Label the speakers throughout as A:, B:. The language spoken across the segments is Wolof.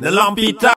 A: de Lampita.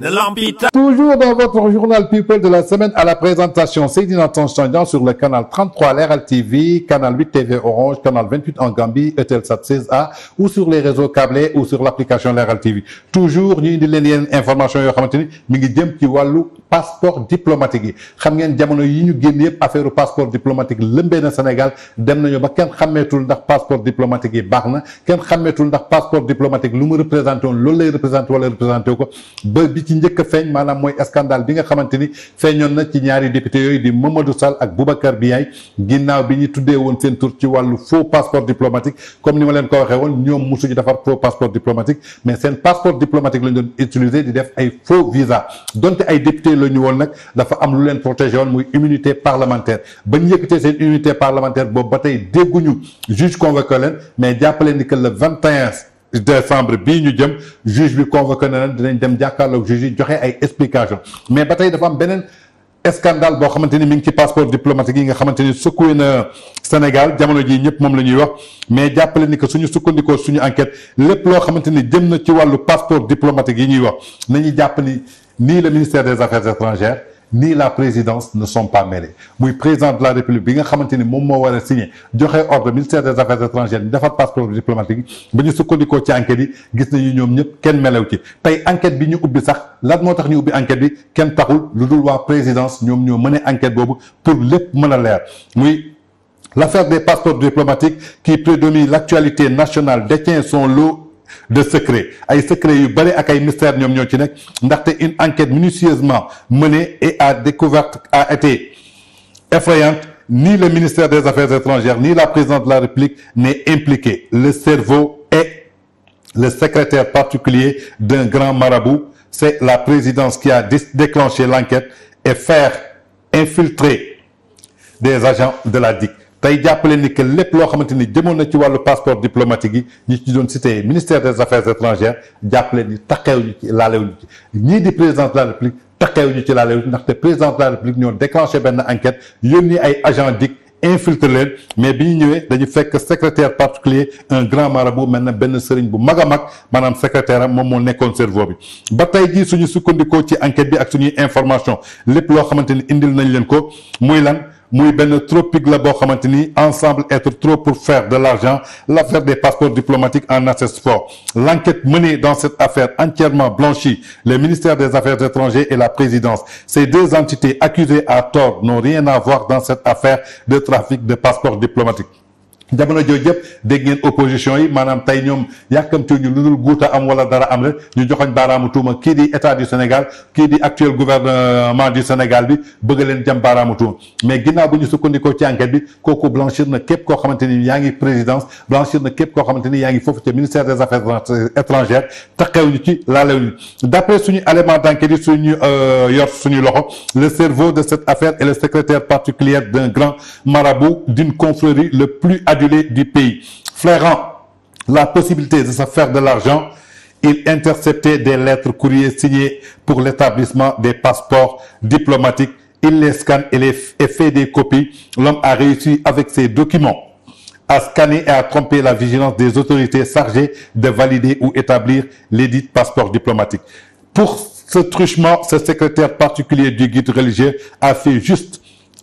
A: De Lampita dans votre journal People de la semaine, à la présentation, C'est une attention sur le canal 33 l'RL TV, canal 8 TV Orange, canal 28 en Gambie, Eutelsat 16A, ou sur les réseaux câblés ou sur l'application l'RL TV. Toujours ñu indi leen yeneen information yoo passeport diplomatique xam ngeen jamono yi ñu genn yépp affaire passeport diplomatique lëmbee na Sénégal dem nañu ba kenn xamétul ndax passeport diplomatique yi baax na kenn xàmmeetul ndax passeport diplomatique lu mu représenté woon loolu lay représenté wala représenté ko ba bi ci njëkk a feeñ maanaam mooy scandale bi nga xamante ni feeñoon na ci ñaari député yooyu di Mamadou Sall ak Boubacar Biaye ginnaaw bi ñu tuddee woon seen tour ci wàllu faux passeport diplomatique comme ni ma leen ko waxee woon ñoom mosuñu defar faux passeport diplomatique mais seen passeport diplomatique lañ doon utiliser di def ay faux visa donte ay député la ñu woon nag dafa am lu leen protéger woon muy immunité parlementaire bañ ñu yëkkatee seen immunité parlementaire bo batay déggu dégguñu juge convoqué leen mais jappalé ni que le 21 décembre bi ñu jëm juge bi convoqué na leen dinañ dem jàkkaarloog juge joxé ay explications mais batay dafa am benen scandale bo xamanteni mi ngi ci passeport diplomatique yi nga xamanteni ni secoué na Sénégal jamono ji ñëpp mom lañuy wax mais jappalé ni que suñu sukkandiko suñu enquête lepp lo xamanteni jëm na ci walu passeport diplomatique yi ñuy wax nañu jàpp ni ni le ministère des affaires étrangères ni la présidence ne sont pas mêlés oui président de la république qui a signé l'ordre ordre ministère des affaires étrangères passeport diplomatique enquête enquête enquête pour l'affaire des passeports diplomatiques qui prédomine l'actualité nationale détient son lot de secret ay secret yu une enquête minutieusement menée et a découverte a été effrayante ni le ministère des affaires étrangères ni la présidente de la République n'est impliquée. le cerveau est le secrétaire particulier d'un grand marabout c'est la présidence qui a déclenché l'enquête et faire infiltrer des agents de la DIC tay jàppale ni que lépp loo xamante ni na ci walu passeport diplomatique yi ci done cité ministère des affaires étrangères jàppale ni taqeewuñu ci lalew ni ñii di président de la république taqeewuñu ci lalew ndax té président de la république ñoo déclenché ben enquête yónni ay agent DIC infiltré mais bi ñëwé dañu fekk secrétaire particulier un grand marabout mel ben serigne bu mag mag secrétaire mom mo moo cerveau bi ba tay ji suñu sukkandikoo ci enquête bi ak suñu information lepp lo xamanteni indil nañ leen ko muy lan Moui Ben trop la boo ensemble être trop pour faire de l'argent l'affaire des passeports diplomatiques en e sport. l'enquête menée dans cette affaire entièrement blanchie le ministère des affaires étrangères et la présidence ces deux entités accusées à tort n'ont rien à voir dans cette affaire de trafic de passeports diplomatiques jamono jooju yëpp dégg ngeen opposition yi maanaam tey ñoom yàkkamtiw ñu lu dul guuta am wala dara am rek ñu joxoñ baaraamu tuuma kii di état du Sénégal ki di actuel gouvernement du Sénégal bi bëgg leen jam baaraamu tuuma mais ginnaw bu ñu sukkandikoo ci enquête bi kooku blanchir na kep ko xamanteni yaangi présidence blanchir na kep ko xamanteni yaangi fofu ci ministère des affaires étrangères ñu ci laalewuñu ñu D'après suñu élément d'enquête suñu euh, yor suñu loxo le cerveau de cette affaire est le secrétaire particulier d'un grand marabout d'une confrérie le plus du pays. Flairant la possibilité de se faire de l'argent, il interceptait des lettres courriers signées pour l'établissement des passeports diplomatiques. Il les scanne et, les fait des copies. L'homme a réussi avec ses documents à scanner et à tromper la vigilance des autorités chargées de valider ou établir l'édit passeports diplomatiques. Pour ce truchement, ce secrétaire particulier du guide religieux a fait juste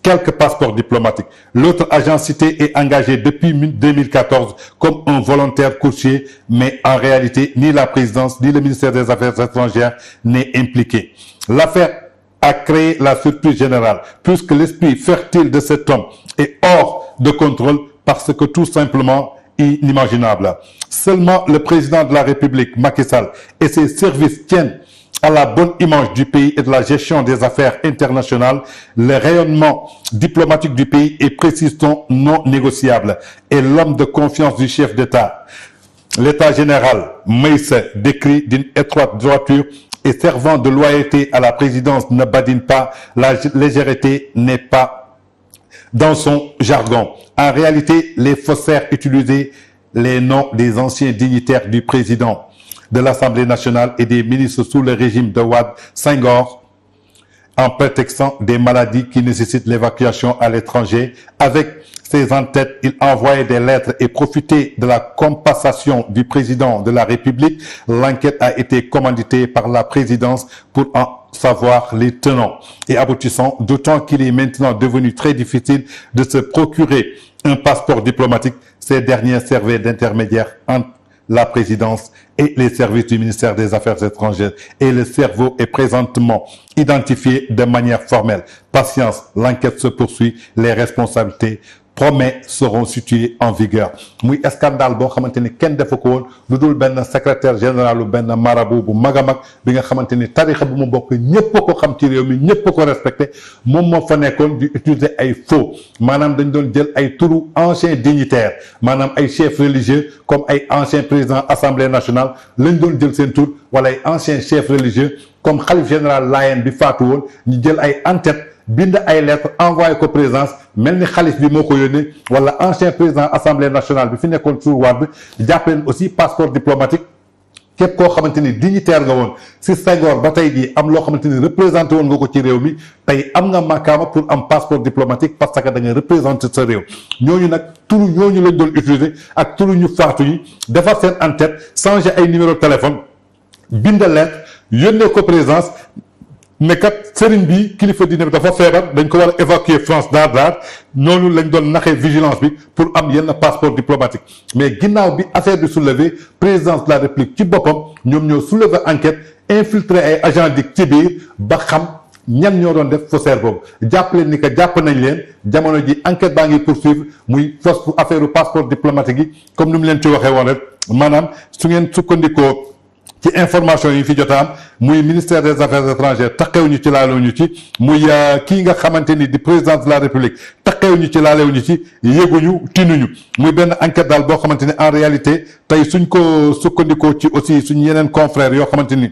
A: quelques passeports diplomatiques. L'autre agent cité est engagé depuis 2014 comme un volontaire courtier, mais en réalité, ni la présidence, ni le ministère des Affaires étrangères n'est impliqué. L'affaire a créé la surprise générale, puisque l'esprit fertile de cet homme est hors de contrôle parce que tout simplement inimaginable. Seulement le président de la République, Macky Sall, et ses services tiennent à la bonne image du pays et de la gestion des affaires internationales, le rayonnement diplomatique du pays est précisément non négociable et l'homme de confiance du chef d'État. L'État général Meisse décrit d'une étroite droiture et servant de loyauté à la présidence ne badine pas, la légèreté n'est pas dans son jargon. En réalité, les faussaires utilisaient les noms des anciens dignitaires du président de l'Assemblée nationale et des ministres sous le régime de Wad Senghor en prétextant des maladies qui nécessitent l'évacuation à l'étranger. Avec ces entêtes, il envoyait des lettres et profitait de la compensation du président de la République. L'enquête a été commanditée par la présidence pour en savoir les tenants et aboutissants, d'autant qu'il est maintenant devenu très difficile de se procurer un passeport diplomatique. Ces derniers servaient d'intermédiaires entre la présidence et les services du ministère des Affaires étrangères et le cerveau est présentement identifié de manière formelle. Patience, l'enquête se poursuit, les responsabilités promets seront situés en vigueur muy scandale Bon, xamanteni ken kenn ko won lu ben secrétaire général ou ben marabout bu magamak bi nga xamanteni ni tarixa bu mu bok ñëpp ko xam ci réew mi ñëpp ko respecté mom mo fa nekkoon di utiliser ay faux manam dañ doon jël ay turu ancien dignitaire manam ay chef religieux comme ay ancien président assemblée nationale lañ doon jël sen tur wala ay anciens religieux comme Khalif général Layen bi faatu won ñu jël ay en binde ay lettre envoyé ko présidence mel ni bi moko yone wala ancien président assemblée nationale bi fi nekkoon tour wad jappel aussi passeport diplomatique kep ko xamanteni dignitaire nga won si Senghor batay tey am lo xamanteni représenter won nga ko ci rew mi tay am nga makama pour am passeport diplomatique parce que da nga représenter ce rew ñooñu nak turu ñooñu lañ doon utiliser ak turu ñu faatu yi defar sen en-tête changer ay numéro de téléphone binde lettre yone ko présence mais kat sëriñ bi kilifa diine bi dafa febar dañ ko wara évacuer France dar dar nonu lañ doon naxé vigilance bi pour am yenn passeport diplomatique mais ginnaaw bi affaire bi soulever présidence de la république ci boppam ñom ñoo soulever enquête infiltré ay agent dik ci biir ba xam ñan ñoo doon def faussaire boobu jàpp ni que japp nañ leen jamono ji enquête baa ngi poursuivre muy fausse affaire passeport diplomatique gi comme num leen ci waxé woon rek maanaam su ngeen sukkandikoo ci information yi fi jotam muy ministère des affaires étrangères taxewuñu ci laalewuñu ci muy euh, ki nga xamanteni ni di président de la république taxewuñu ci laalewuñu ci yëguñu tinuñu muy benn enquête dal bo xamanteni en réalité tay suñ ko sukkandikoo ci aussi suñ yenen confrères yo xamanteni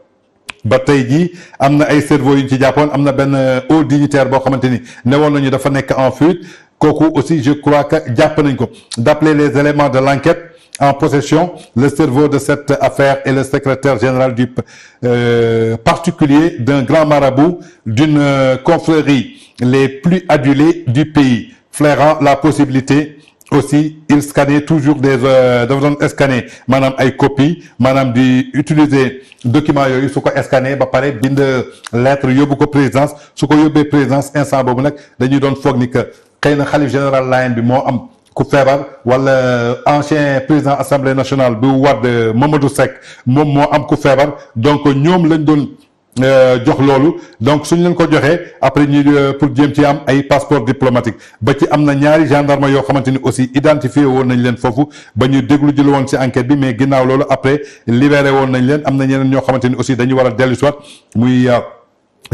A: ba Amna jii ay cerveau yu ci japon amna ben haut euh, dignitaire bo xamanteni ni dafa nek en fuite koku aussi je crois que japp nañ ko d'appeler les éléments de l'enquête en possession le cerveau de cette affaire et le secrétaire général du euh, particulier d'un grand marabout d'une euh, confrérie les plus adulées du pays flairant la possibilité aussi il scannait toujours des euh, dafa doon scanner ay copie Madame di utiliser document yoyu suko ko scanner ba pare bind euh, lettre yobou ko présidence suko yobé yóbbee présidence instant bobu nak dañuy don foog ni que xëy na général Layène bi mo am ku feebar wala euh, ancien président assemblée nationale bi Wade Mamadou Sek, mom mo am ku feebar donc ñom lañ don euh, jox loolu donc suñ leen ko joxee après ñu euh, pour jéem ci am ay passeport diplomatique ba ci am na ñaari gendarme yoo xamante ni aussi identifié woon nañ leen foofu ba ñu déglu jël woon ci enquête bi mais ginnaaw loolu après libéré woon nañ leen am na ñeneen ñoo xamante ni aussi dañu war a dellu muy euh,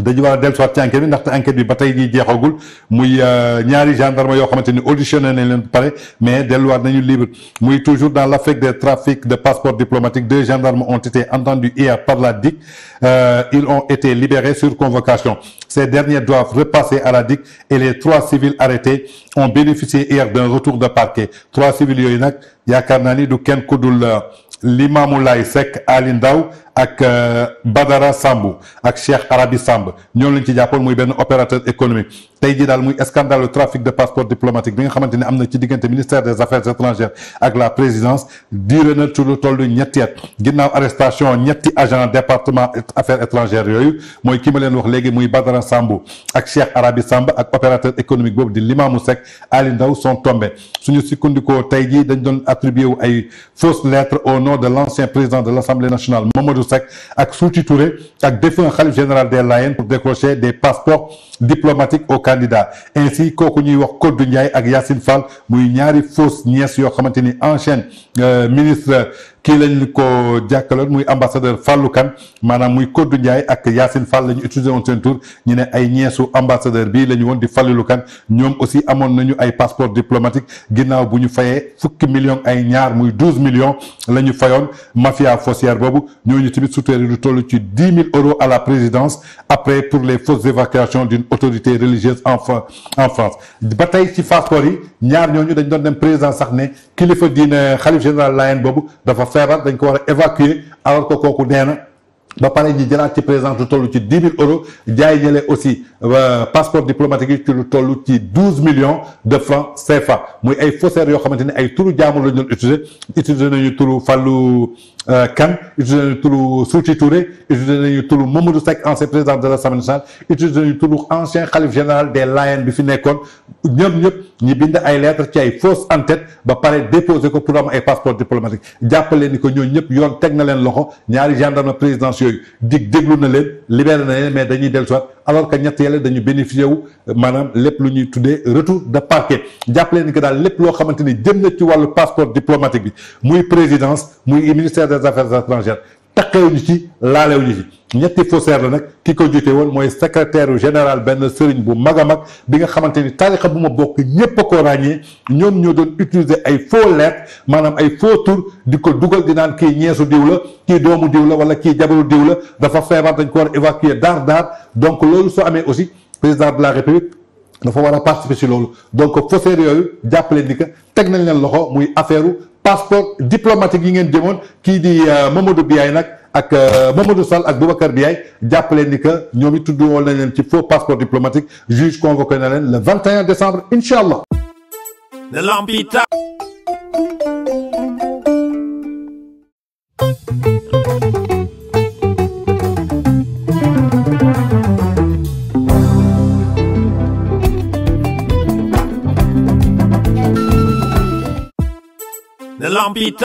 A: dañu war a dellusiwaat ci enquête bi ndaxte enquête bi ba tey jii jeexagul muy euh, ñaari gendarme yoo xamante ni auditionné nañ leen pare mais delluwaat nañu libre muy toujours dans l'affaire des trafics de passeports diplomatiques deux gendarmes ont été entendus hier par la DIC euh, ils ont été libérés sur convocation ces derniers doivent repasser à la DIC et les trois civils arrêtés ont bénéficié hier d'un retour de parquet trois civils yooyu nag yaakaar naa ni du kenn ku dul euh, Limamou Laye Ali Ndao ak euh, Badara Sambu, ak Cheikh Arabi Samb ñoo lañ ci jappal muy ben opérateur économique tey jii scandale de trafic de passeports diplomatiques. bi nga xamanteni amna ci ministère des affaires étrangères ak la présidence diire na ci lu toll ñetti at arrestation ñetti agent département affaires étrangères yoyu moy ki ma leen wax légui muy Badara Sambu, ak Cheikh Arabi Samb ak opérateur économique bobu di Limamou Seck Ali Ndaw sont tombés suñu sikundiko tey jii dañ don attribué ay fausses lettres au nom de l'ancien président de l'Assemblée nationale Mamadou et ak Souti Touré ak défunt Khalif général des Layènes pour décrocher des passeports diplomatiques aux candidats ainsi kooku ñuy wax Kodou Ndiaye ak Yassine Fall muy ñaari fausse nièce yo xamanteni enchaîne ancien euh, ministre kii lañ ko muy ambassadeur Fallou madame maanaam muy Kodou Ndiaye ak yassine Fall lañu utiliser on tour ñu ne ay ñeesu ambassadeur bi lañu won di Fallou Nous aussi amoon nañu ay passeport diplomatique ginnaw buñu fayé fayee fukki millions ay ñaar muy 12 millions lañu fayon mafia mafia foncière nous ñooñu tamit soutenir lu tollu ci dix mille euros à la présidence après pour les fausses évacuations d'une autorité religieuse en en France bataille ci passeport yi ñaar ñooñu dañ doon dem président sax né kilifa diine Khalif général Layène bobu dafa feebar dañ ko war a évacuer alors que ba pare ñu jëlaat ci présence lu toll ci dix mille euros jaay ñële aussi euh, passeport diplomatique yi ci lu toll ci douze millions de francs CFA muy ay faussaires yo xamante ay turu jaamu la ñu doon utiliser utiliser nañu turu Fallou euh, Kan, utiliser nañu turu Souti Touré utiliser nañu turu Mamadou Seck ancien président de la l'Assemblée nationale utiliser nañu turu ancien xalif général des Layènes bi fi nekkoon ñoom ñëpp ñu bind ay lettre ci ay fausses en tête ba pare déposer ko pour am ay passeport diplomatique jàppale ni ko ñooñu ñëpp yoon teg na leen loxo ñaari gendarme présidentiel yooyu dig déglu na leen libéré na leen mais dañuy alors que ñett yàlla dañu bénéficié wu maanaam lépp lu ñuy tuddee retour de parquet jàpp leen que daal lépp loo xamante ni jëm na ci wàllu passeport diplomatique bi muy présidence muy ministère des affaires étrangères taqeewuñu ci laalewuñu ci ñetti faussaire la nag ki ko jotee woon mooy secretaire général benn sëriñ bu mag a mag bi nga xamante ni tarixa bu ma bokk ñépp a ko ràññee ñoom ñoo doon utiliser ay faux lettres maanaam ay faux tour di ko dugal di naan kii ñeesu diw la kii doomu diw la wala kii jabaru diw la dafa feebar dañ ko war évacuer daar daar donc loolu soo amee aussi président de la république dafa war a participer donc il faut jàppale ni que nañ loxo muy passeport diplomatique yi ngeen jëmoon kii di euh, Mamadou Biaye nag ak euh, Sall ak Boubacar Biaye passeport diplomatique juge convoqué le 21 décembre Inshallah. do